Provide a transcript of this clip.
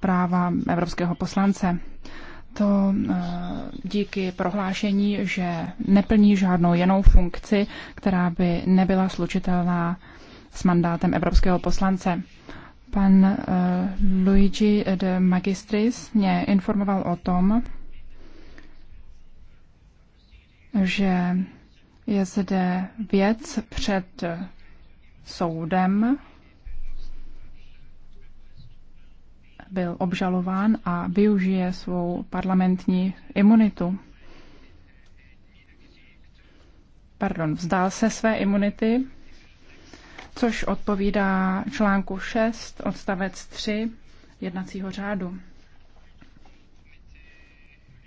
práva evropského poslance. To eh, díky prohlášení, že neplní žádnou jenou funkci, která by nebyla slučitelná s mandátem evropského poslance. Pan eh, Luigi de Magistris mě informoval o tom, že je zde věc před soudem byl obžalován a využije svou parlamentní imunitu. Pardon, vzdál se své imunity, což odpovídá článku 6 odstavec 3 jednacího řádu.